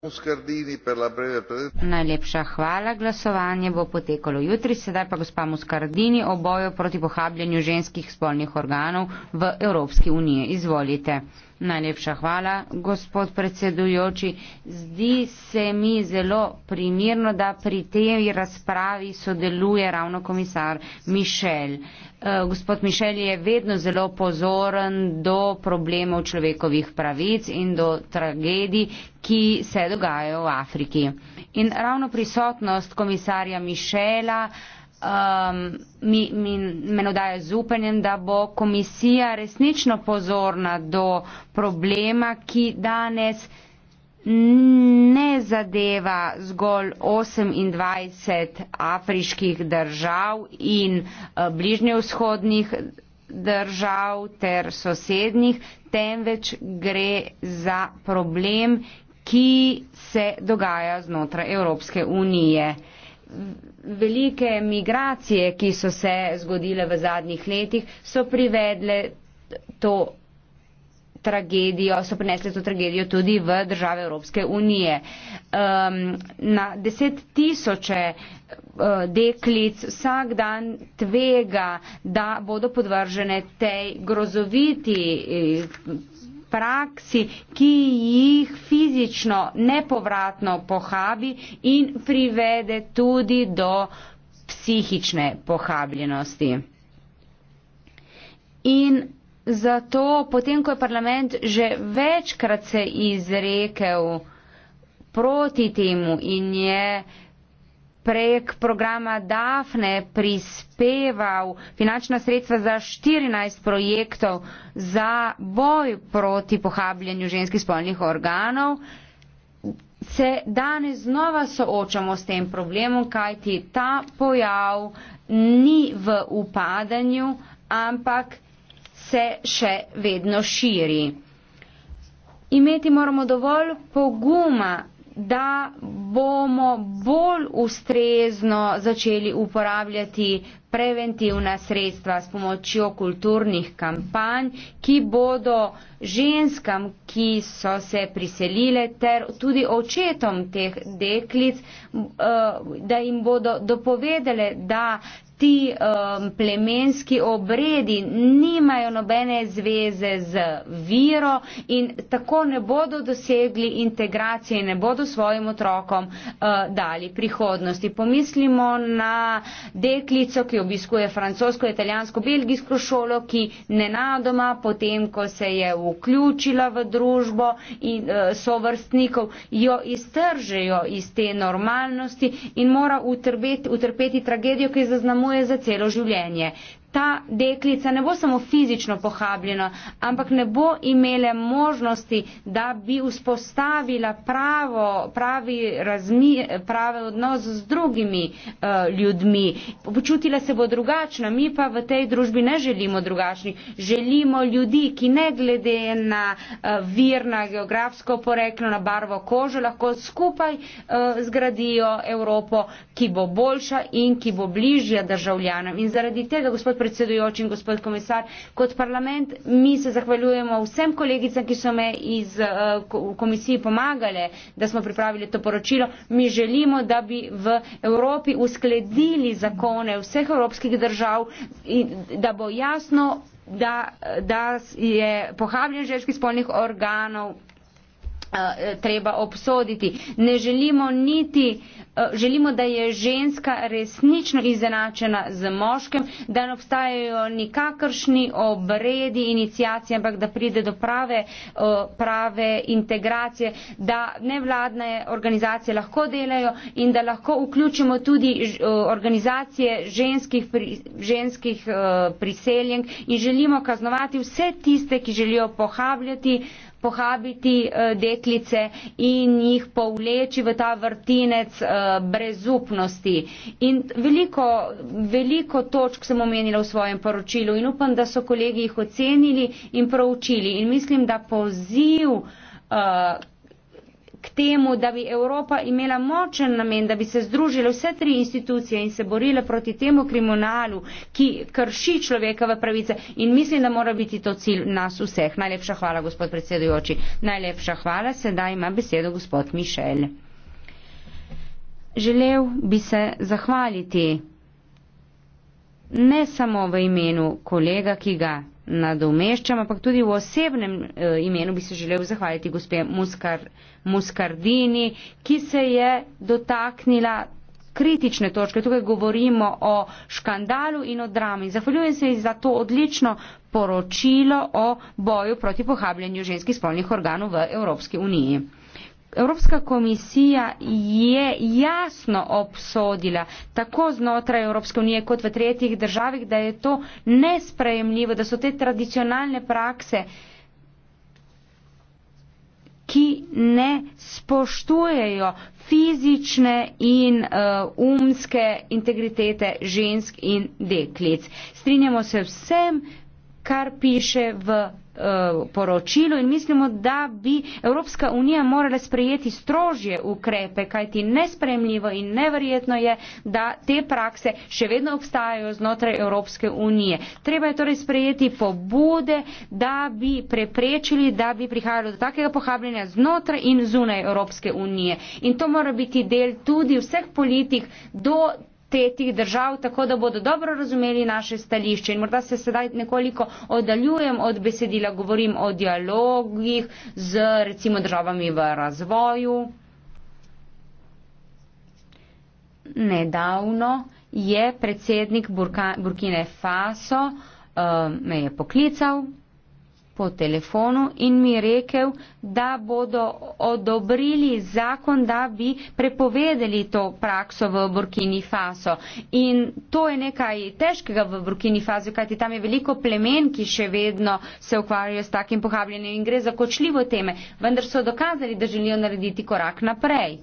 Muscardini per la breve presenza. Najlepša hvala, glasovanje bo potekalo jutri, sedaj pa gospa Muscardini o boju proti pohabljanju ženskih spolnih organov v Evropski uniji. Izvolite. Najlepša hvala, gospod predsedujoči. Zdi se mi zelo primirno, da pri tej razpravi sodeluje ravno komisar Mišel. Eh, gospod Mišel je vedno zelo pozoren do problemov človekovih pravic in do tragedij, ki se dogajajo v Afriki. In ravno prisotnost komisarja Mišela um, mi, mi, me nadaje z upanjem, da bo komisija resnično pozorna do problema, ki danes ne zadeva zgolj 28 afriških držav in eh, bližnjevzhodnih držav ter sosednjih, temveč gre za problem, ki se dogaja znotraj Evropske unije velike migracije, ki so se zgodile v zadnjih letih, so privedle to tragedijo, so prinesle to tragedijo tudi v države Evropske unije. Um, na deset tisoče uh, deklic vsak dan tvega, da bodo podvržene tej grozoviti eh, praksi, ki jih fizično fizično nepovratno pohabi in privede tudi do psihične pohabljenosti. In zato, potem ko je parlament že večkrat se izrekel proti temu in je prek programa DAFNE prispeval finančna sredstva za 14 projektov za boj proti pohabljanju ženskih spolnih organov. Se danes znova soočamo s tem problemom, kajti ta pojav ni v upadanju, ampak se še vedno širi. Imeti moramo dovolj poguma, da bomo bolj ustrezno začeli uporabljati preventivna sredstva s pomočjo kulturnih kampanj, ki bodo ženskam, ki so se priselile, ter tudi očetom teh deklic, eh, da jim bodo dopovedale, da ti um, plemenski obredi nimajo nobene zveze z viro in tako ne bodo dosegli integracije in ne bodo svojim otrokom uh, dali prihodnosti. Pomislimo na deklico, ki obiskuje francosko, italijansko, belgijsko šolo, ki nenadoma potem, ko se je vključila v družbo in uh, sovrstnikov, jo iztržejo iz te normalnosti in mora utrpeti, utrpeti tragedijo, ki je zaznamujena mu je za celo življenje ta deklica ne bo samo fizično pohabljena, ampak ne bo imela možnosti, da bi vzpostavila pravo, pravi, razmi, pravi odnos z drugimi uh, ljudmi. Počutila se bo drugačna, mi pa v tej družbi ne želimo drugačnih. Želimo ljudi, ki ne glede na uh, vir, na geografsko poreklo, na barvo kože, lahko skupaj uh, zgradijo Evropo, ki bo boljša in ki bo bližja državljanom. In zaradi tega, gospod predsedujoči in gospod komisar. Kot parlament mi se zahvaljujemo vsem kolegicam, ki so me iz uh, komisiji pomagale, da smo pripravili to poročilo. Mi želimo, da bi v Evropi uskladili zakone vseh evropskih držav in da bo jasno, da, da je pohabljen žeški spolnih organov Eh, treba obsoditi. Ne želimo niti, eh, želimo, da je ženska resnično izenačena z moškem, da ne obstajajo nikakršni obredi, inicijacije, ampak da pride do prave, eh, prave integracije, da nevladne organizacije lahko delajo in da lahko vključimo tudi organizacije ženskih, ženskih priseljenk in želimo kaznovati vse tiste, ki želijo pohabljati pohabiti eh, deklice in jih povleči v ta vrtinec eh, brezupnosti. In veliko, veliko točk sem omenila v svojem poročilu in upam, da so kolegi jih ocenili in proučili. In mislim, da poziv, eh, temu, da bi Evropa imela močen namen, da bi se združile vse tri institucije in se borile proti temu kriminalu, ki krši človekove pravice. In mislim, da mora biti to cilj nas vseh. Najlepša hvala, gospod predsedujoči. Najlepša hvala. Sedaj ima besedo gospod Mišel. Želel bi se zahvaliti ne samo v imenu kolega, ki ga nadomeščam, ampak tudi v osebnem e, imenu bi se želel zahvaliti gospe Muskar, Muskardini, ki se je dotaknila kritične točke. Tukaj govorimo o škandalu in o drami. Zahvaljujem se za to odlično poročilo o boju proti pohabljanju ženskih spolnih organov v Evropski uniji. Evropska komisija je jasno obsodila tako znotraj Evropske unije kot v tretjih državah, da je to nesprejemljivo, da so te tradicionalne prakse, ki ne spoštujejo fizične in uh, umske integritete žensk in deklic. Strinjamo se vsem, kar piše v eh, poročilu in mislimo, da bi Evropska unija morala sprejeti strožje ukrepe, kajti nespremljivo in neverjetno je, da te prakse še vedno obstajajo znotraj Evropske unije. Treba je torej sprejeti pobude, da bi preprečili, da bi prihajalo do takega pohabljanja znotraj in zunaj Evropske unije. In to mora biti del tudi vseh politik do tretjih držav, tako da bodo dobro razumeli naše stališče. In morda se sedaj nekoliko oddaljujem od besedila, govorim o dialogih z recimo državami v razvoju. Nedavno je predsednik Burkine Faso uh, me je poklical po telefonu in mi rekel, da bodo odobrili zakon, da bi prepovedali to prakso v Burkini Faso. In to je nekaj težkega v Burkini Faso, kajti tam je veliko plemen, ki še vedno se ukvarjajo s takim pohabljenjem in gre za kočljivo teme, vendar so dokazali, da želijo narediti korak naprej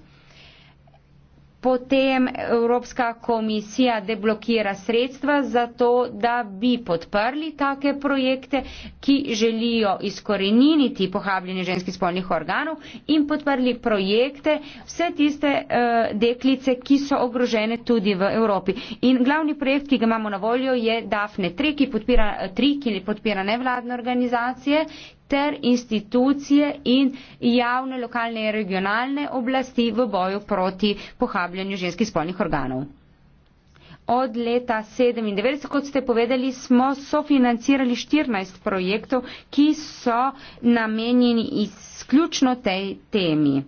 potem Evropska komisija deblokira sredstva za to, da bi podprli take projekte, ki želijo izkoreniniti pohabljanje ženskih spolnih organov in podprli projekte vse tiste uh, deklice, ki so ogrožene tudi v Evropi. In glavni projekt, ki ga imamo na voljo, je Dafne 3, ki podpira, 3, eh, ki podpira nevladne organizacije ter institucije in javne, lokalne in regionalne oblasti v boju proti pohabljanju ženskih spolnih organov. Od leta 1997, kot ste povedali, smo sofinancirali 14 projektov, ki so namenjeni izključno tej temi.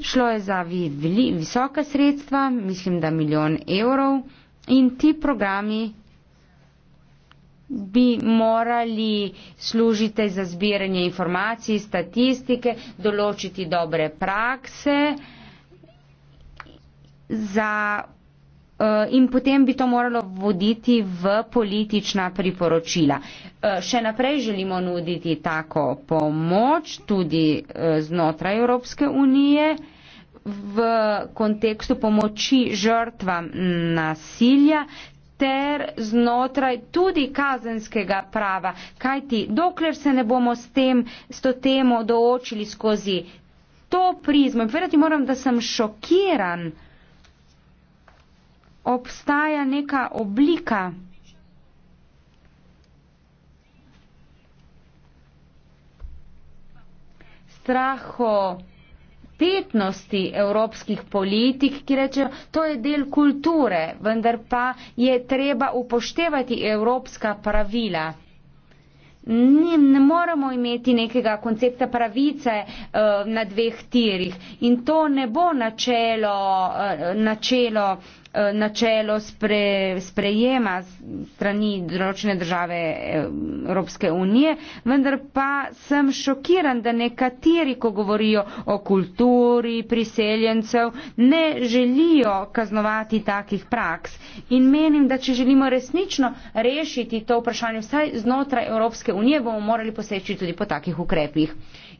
Šlo je za visoka sredstva, mislim, da milijon evrov in ti programi bi morali služiti za zbiranje informacij, statistike, določiti dobre prakse za, eh, in potem bi to moralo voditi v politična priporočila. Eh, še naprej želimo nuditi tako pomoč tudi eh, znotraj Evropske unije v kontekstu pomoči žrtvam nasilja, ter znotraj tudi kazenskega prava. Kaj ti, dokler se ne bomo s tem, s to temo doočili skozi to prizmo, povedati moram, da sem šokiran, obstaja neka oblika. Страхо. Страхо napetnosti evropskih politik, ki rečejo, to je del kulture, vendar pa je treba upoštevati evropska pravila. Ne, ne moremo imeti nekega koncepta pravice uh, na dveh tirih in to ne bo načelo. Uh, načelo uh, Eh, načelo spre, sprejema strani določene države eh, Evropske unije, vendar pa sem šokiran, da nekateri, ko govorijo o kulturi priseljencev, ne želijo kaznovati takih praks. In menim, da če želimo resnično rešiti to vprašanje vsaj znotraj Evropske unije, bomo morali poseči tudi po takih ukrepih.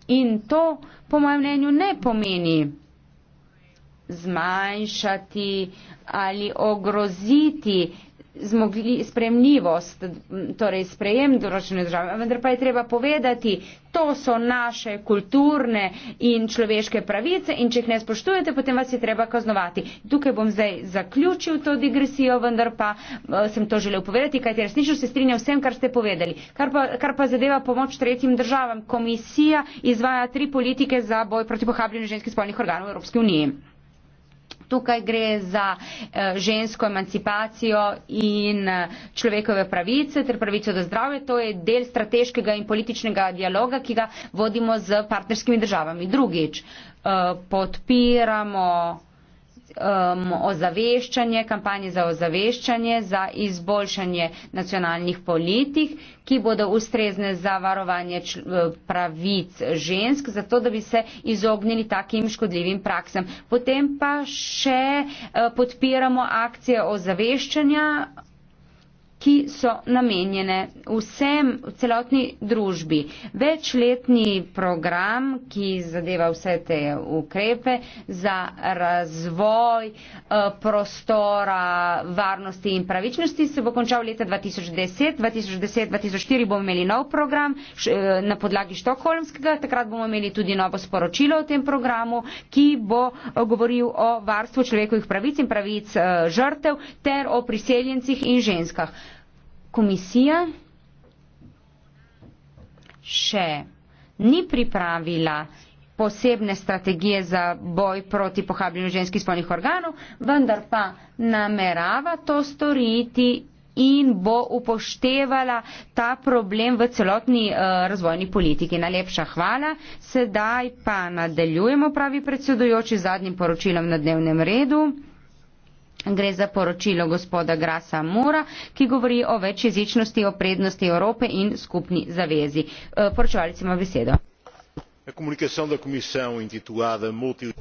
In to, po mojem mnenju, ne pomeni zmanjšati ali ogroziti zmogli, spremljivost, torej sprejem določene države. Vendar pa je treba povedati, to so naše kulturne in človeške pravice in če jih ne spoštujete, potem vas je treba kaznovati. Tukaj bom zdaj zaključil to digresijo, vendar pa eh, sem to želel povedati, kajti resnično se strinjam vsem, kar ste povedali. Kar pa, kar pa zadeva pomoč tretjim državam, komisija izvaja tri politike za boj proti pohabljenju ženskih spolnih organov v Evropski uniji tukaj gre za eh, žensko emancipacijo in eh, človekove pravice ter pravico do zdravja. To je del strateškega in političnega dialoga, ki ga vodimo z partnerskimi državami. Drugič, eh, podpiramo um, ozaveščanje, kampanje za ozaveščanje, za izboljšanje nacionalnih politik, ki bodo ustrezne za varovanje čl, uh, pravic žensk, zato da bi se izognili takim škodljivim praksam. Potem pa še uh, podpiramo akcije ozaveščanja ki so namenjene vsem, celotni družbi. Večletni program, ki zadeva vse te ukrepe za razvoj eh, prostora varnosti in pravičnosti, se bo končal leta 2010. 2010-2004 bomo imeli nov program eh, na podlagi Štokholmskega, takrat bomo imeli tudi novo sporočilo o tem programu, ki bo eh, govoril o varstvu človekovih pravic in pravic žrtev ter o priseljencih in ženskah komisija še ni pripravila posebne strategije za boj proti pohabljenju ženskih spolnih organov, vendar pa namerava to storiti in bo upoštevala ta problem v celotni uh, razvojni politiki. Najlepša hvala. Sedaj pa nadaljujemo, pravi predsedujoči, z zadnjim poročilom na dnevnem redu. Gre za poročilo gospoda Grasa Mora, ki govori o večjezičnosti, o prednosti Evrope in skupni zavezi. E, poročevalec ima besedo. Gospod predsednik, komisija je intitulada multi.